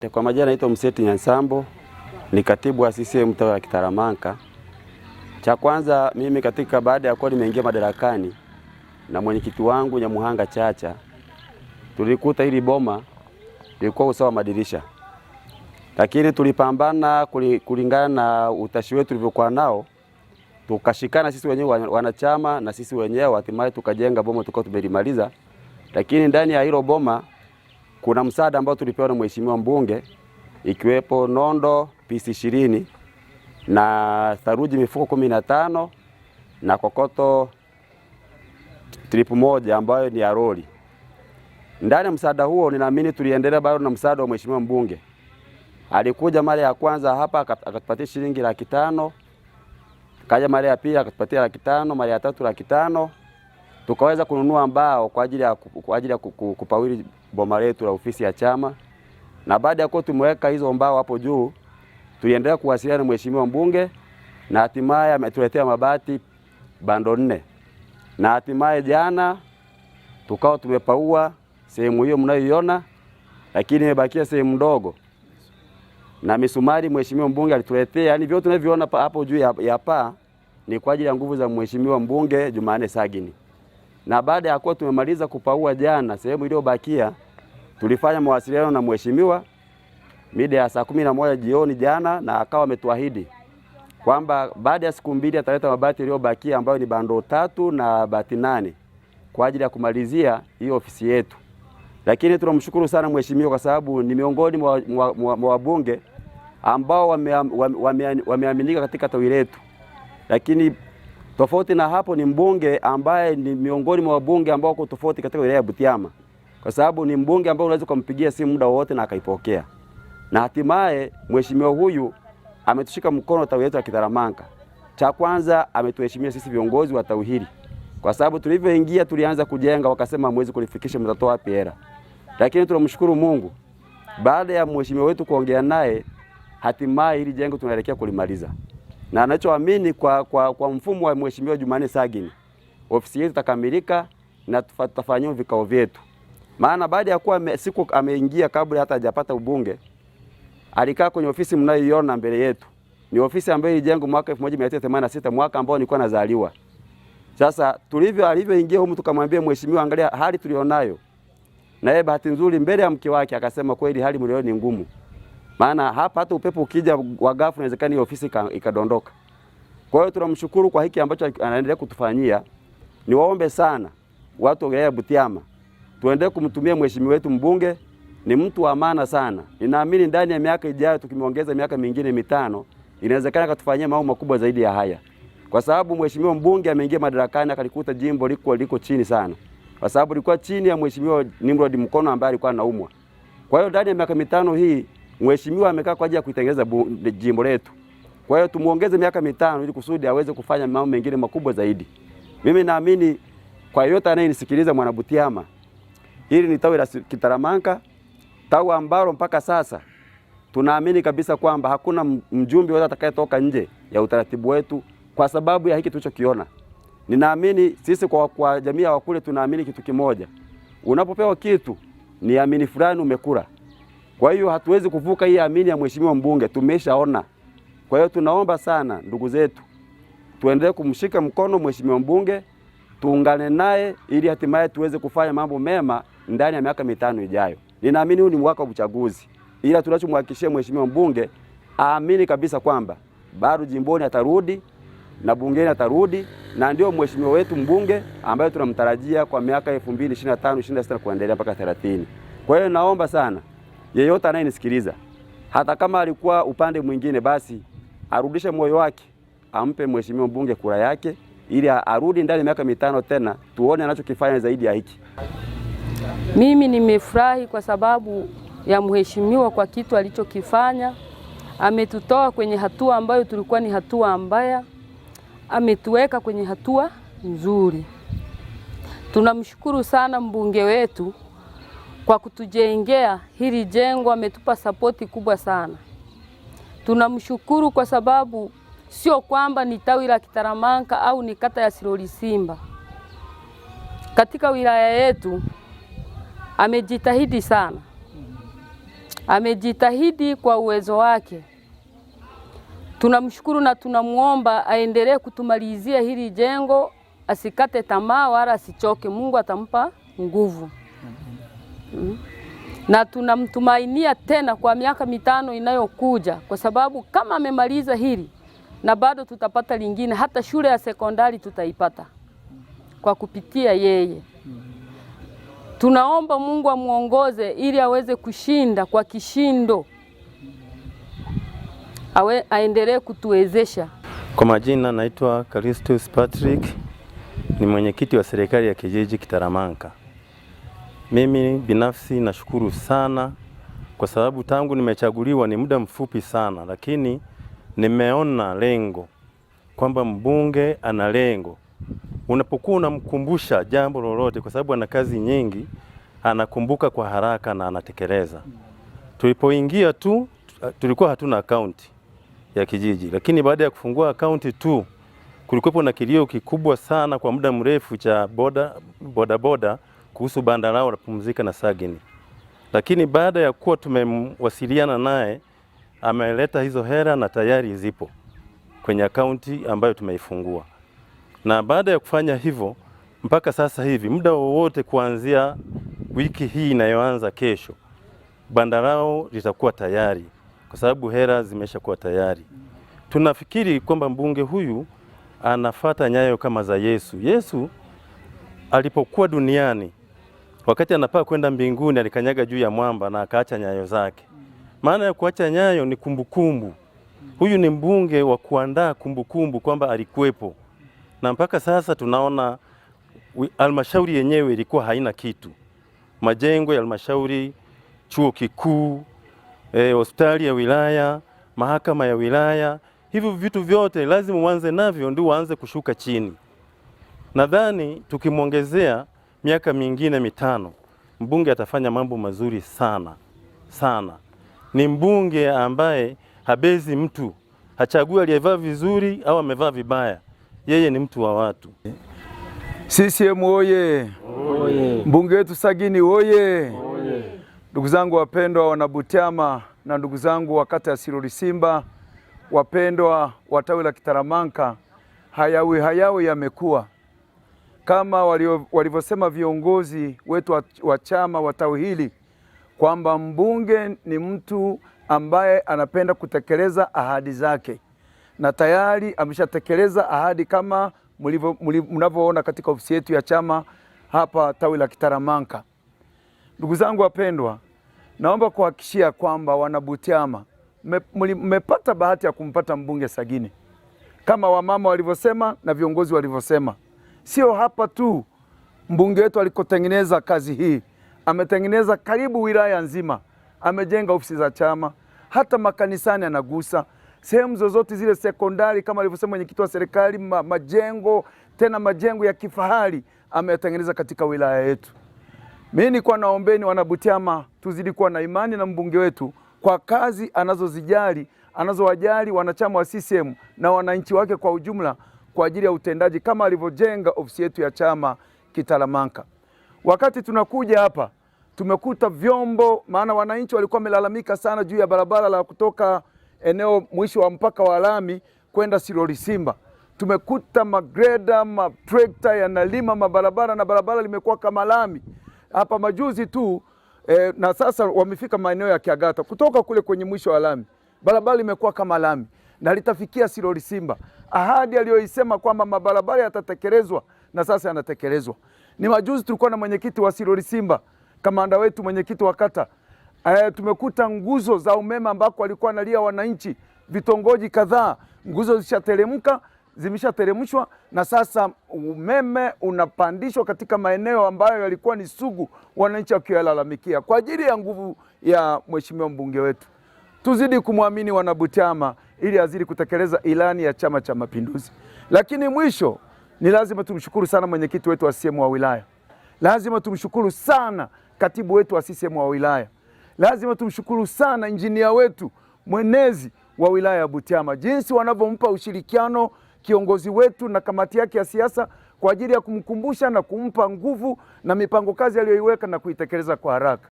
Eh, kwa majina naitwa Mseti Nyansambo, ni katibu wa CCM tawi ya Kitaramanka. Cha kwanza mimi katika baada ya kuwa nimeingia madarakani na mwenyekiti wangu Nyamuhanga Chacha, tulikuta hili boma lilikuwa usawa madirisha, lakini tulipambana kulingana na utashi wetu tulivyokuwa nao, tukashikana sisi wenyewe wanachama na sisi wenyewe, hatimaye tukajenga boma, tukao tumelimaliza, lakini ndani ya hilo boma kuna msaada ambao tulipewa na mheshimiwa mbunge ikiwepo nondo pisi ishirini na saruji mifuko kumi na tano na kokoto tripu moja ambayo ni ya roli. Ndani ya msaada huo ninaamini tuliendelea bado na msaada wa mheshimiwa mbunge. Alikuja mara ya kwanza hapa akatupatia shilingi laki tano, kaja mara ya pili akatupatia laki tano, mara ya tatu laki tano tukaweza kununua mbao kwa ajili ya, kwa ajili ya kupawili boma letu la ofisi ya chama, na baada ya kuwa tumeweka hizo mbao hapo juu, tuliendelea kuwasiliana na mheshimiwa mbunge na hatimaye ametuletea mabati bando nne, na hatimaye jana tukao tumepaua sehemu hiyo mnayoiona, lakini imebakia sehemu ndogo na misumari mheshimiwa mbunge alituletea. Yani vyote tunavyoona hapo juu ya, ya paa ni kwa ajili ya nguvu za mheshimiwa mbunge Jumanne Sagini na baada ya kuwa tumemaliza kupaua jana, sehemu iliyobakia tulifanya mawasiliano na mheshimiwa mida ya saa kumi na moja jioni jana, na akawa ametuahidi kwamba baada ya siku mbili ataleta mabati yaliyobakia ambayo ni bando tatu na bati nane kwa ajili ya kumalizia hiyo ofisi yetu. Lakini tunamshukuru sana mheshimiwa kwa sababu ni miongoni mwa wabunge ambao wameaminika wame, wame, wame katika tawi letu, lakini Tofauti na hapo ni mbunge ambaye ni miongoni mwa wabunge ambao wako tofauti katika wilaya ya Butiama, kwa sababu ni mbunge ambaye unaweza kumpigia simu muda wowote na akaipokea, na hatimaye mheshimiwa huyu ametushika mkono tawi letu la Kitaramanka. Cha kwanza ametuheshimia sisi viongozi wa tawi hili, kwa sababu tulivyoingia tulianza kujenga, wakasema mwezi kulifikisha, mtatoa wapi hela? Lakini tunamshukuru Mungu, baada ya mheshimiwa wetu kuongea naye, hatimaye hili jengo tunaelekea kulimaliza na anachoamini kwa, kwa, kwa mfumo wa Mheshimiwa Jumanne Sagini ofisi yetu itakamilika na tutafanyia vikao vyetu, maana baada ya kuwa siku ameingia kabla hata hajapata ubunge alikaa kwenye ofisi mnayoiona mbele yetu. Ni ofisi ambayo ilijengwa mwaka 1986 mwaka ambao nilikuwa nazaliwa. Sasa tulivyo alivyoingia huko, tukamwambia mheshimiwa, angalia hali tulionayo, na yeye bahati nzuri mbele ya mke wake akasema, kweli hali mlio ni ngumu maana hapa hata upepo ukija wa ghafla inawezekana hiyo ofisi ikadondoka. Kwa hiyo tunamshukuru kwa hiki ambacho anaendelea kutufanyia. Niwaombe sana watu wa wilaya Butiama tuendelee kumtumia mheshimiwa wetu mbunge, ni mtu wa maana sana. Ninaamini ndani ya miaka ijayo tukimwongeza miaka mingine mitano, inawezekana akatufanyia mambo makubwa zaidi ya haya, kwa sababu mheshimiwa mbunge ameingia madarakani akalikuta jimbo liko liko chini sana, kwa sababu lilikuwa chini ya mheshimiwa Nimrod Mkono ambaye alikuwa anaumwa. Kwa hiyo ndani ya miaka mitano hii Mheshimiwa amekaa kwa ajili ya kuitengeneza jimbo letu. Kwa hiyo tumuongeze miaka mitano ili kusudi aweze kufanya mambo mengine makubwa zaidi. Mimi naamini kwa yote anayenisikiliza mwana Butiama, hili ni tawi la Kitaramanka, tawi ambalo mpaka sasa tunaamini kabisa kwamba hakuna mjumbe yote atakayetoka nje ya utaratibu wetu kwa sababu ya hiki tulichokiona. Ninaamini sisi kwa, kwa jamii ya Wakule tunaamini kitu kimoja, unapopewa kitu ni amini fulani umekula kwa hiyo hatuwezi kuvuka hii amini ya mheshimiwa mbunge, tumeshaona. Kwa hiyo tunaomba sana ndugu zetu, tuendelee kumshika mkono mheshimiwa mbunge, tuungane naye ili hatimaye tuweze kufanya mambo mema ndani ya miaka mitano ijayo. Ninaamini huu ni mwaka wa uchaguzi, ila tunachomhakikishia mheshimiwa mbunge aamini kabisa kwamba bado jimboni atarudi na bungeni atarudi, na ndio mheshimiwa wetu mbunge ambaye tunamtarajia kwa miaka 2025 26 kuendelea mpaka 30. Kwa hiyo naomba sana yeyote anayenisikiliza, hata kama alikuwa upande mwingine, basi arudishe moyo wake, ampe mheshimiwa mbunge kura yake ili arudi ndani ya miaka mitano tena, tuone anachokifanya zaidi ya hiki. Mimi nimefurahi kwa sababu ya mheshimiwa kwa kitu alichokifanya. Ametutoa kwenye hatua ambayo tulikuwa ni hatua mbaya, ametuweka kwenye hatua nzuri. Tunamshukuru sana mbunge wetu kwa kutujengea hili jengo, ametupa sapoti kubwa sana. Tunamshukuru kwa sababu sio kwamba ni tawi la Kitaramanka au ni kata ya Simba. katika wilaya yetu amejitahidi sana, amejitahidi kwa uwezo wake. Tunamshukuru na tunamwomba aendelee kutumalizia hili jengo, asikate tamaa wala asichoke. Mungu atampa nguvu na tunamtumainia tena kwa miaka mitano inayokuja, kwa sababu kama amemaliza hili na bado tutapata lingine, hata shule ya sekondari tutaipata kwa kupitia yeye. Tunaomba Mungu amuongoze ili aweze kushinda kwa kishindo, awe aendelee kutuwezesha. Kwa majina naitwa Calistus Patrick, ni mwenyekiti wa serikali ya kijiji kitaramanka mimi binafsi nashukuru sana kwa sababu tangu nimechaguliwa ni muda mfupi sana, lakini nimeona lengo kwamba mbunge ana lengo. Unapokuwa unamkumbusha jambo lolote, kwa sababu ana kazi nyingi, anakumbuka kwa haraka na anatekeleza. Tulipoingia tu tulikuwa hatuna akaunti ya kijiji, lakini baada ya kufungua akaunti tu kulikuwepo na kilio kikubwa sana kwa muda mrefu cha boda bodaboda kuhusu banda lao pumzika na Sagini, lakini baada ya kuwa tumewasiliana naye ameleta hizo hela na tayari zipo kwenye akaunti ambayo tumeifungua, na baada ya kufanya hivyo mpaka sasa hivi muda wowote kuanzia wiki hii inayoanza kesho, banda lao litakuwa tayari kwa sababu hela zimeshakuwa tayari. Tunafikiri kwamba mbunge huyu anafata nyayo kama za Yesu. Yesu alipokuwa duniani Wakati anapaa kwenda mbinguni alikanyaga juu ya mwamba na akaacha nyayo zake. Maana ya kuacha nyayo ni kumbukumbu. Huyu ni mbunge wa kuandaa kumbukumbu kwamba alikuwepo, na mpaka sasa tunaona halmashauri yenyewe ilikuwa haina kitu. Majengo ya halmashauri, chuo kikuu, e, hospitali ya wilaya, mahakama ya wilaya, hivyo vitu vyote lazima uanze navyo ndio uanze kushuka chini. Nadhani tukimwongezea miaka mingine mitano mbunge atafanya mambo mazuri sana sana. Ni mbunge ambaye habezi mtu, hachagui aliyevaa vizuri au amevaa vibaya, yeye ni mtu wa watu. CCM oye! Mbunge wetu Sagini oye! Ndugu zangu wapendwa, wanabutiama na ndugu zangu wa kata ya Siloli Simba, wapendwa wa tawi la Kitaramanka, hayawi hayawi yamekuwa kama walivyosema viongozi wetu wa chama wa tawi hili kwamba mbunge ni mtu ambaye anapenda kutekeleza ahadi zake, na tayari ameshatekeleza ahadi kama mnavyoona katika ofisi yetu ya chama hapa tawi la Kitaramanka. Ndugu zangu wapendwa, naomba kuhakikishia kwamba wanabutiama mmepata bahati ya kumpata mbunge Sagini kama wamama walivyosema na viongozi walivyosema sio hapa tu. Mbunge wetu alikotengeneza kazi hii, ametengeneza karibu wilaya nzima, amejenga ofisi za chama, hata makanisani anagusa sehemu zozote zile, sekondari kama alivyosema mwenyekiti wa serikali, ma, majengo tena majengo ya kifahari ameyatengeneza katika wilaya yetu. Mimi nilikuwa naombeni Wanabutiama tuzidi kuwa na imani na mbunge wetu kwa kazi anazozijali anazowajali wanachama wa CCM na wananchi wake kwa ujumla kwa ajili ya utendaji kama alivyojenga ofisi yetu ya chama Kitalamanka. Wakati tunakuja hapa tumekuta vyombo, maana wananchi walikuwa wamelalamika sana juu ya barabara la kutoka eneo mwisho wa mpaka wa lami kwenda Siroli Simba. Tumekuta magreda matrekta yanalima mabarabara na barabara limekuwa kama lami hapa majuzi tu eh, na sasa wamefika maeneo ya Kiagata kutoka kule kwenye mwisho wa lami, barabara limekuwa kama lami na litafikia Siloli Simba. Ahadi aliyoisema kwamba mabarabara yatatekelezwa na sasa yanatekelezwa. Ni majuzi tulikuwa na mwenyekiti wa Siloli Simba, kamanda wetu, mwenyekiti wa kata e, tumekuta nguzo za umeme ambako walikuwa analia wananchi, vitongoji kadhaa nguzo zishateremka zimeshateremshwa na sasa umeme unapandishwa katika maeneo ambayo yalikuwa ni sugu, wananchi wakiwalalamikia. Kwa ajili ya nguvu ya mheshimiwa mbunge wetu, tuzidi kumwamini wanaButiama ili azidi kutekeleza ilani ya Chama cha Mapinduzi. Lakini mwisho ni lazima tumshukuru sana mwenyekiti wetu wa CCM wa wilaya, lazima tumshukuru sana katibu wetu wa CCM wa wilaya, lazima tumshukuru sana injinia wetu mwenezi wa wilaya ya Butiama, jinsi wanavyompa ushirikiano kiongozi wetu na kamati yake ya siasa kwa ajili ya kumkumbusha na kumpa nguvu na mipango kazi aliyoiweka na kuitekeleza kwa haraka.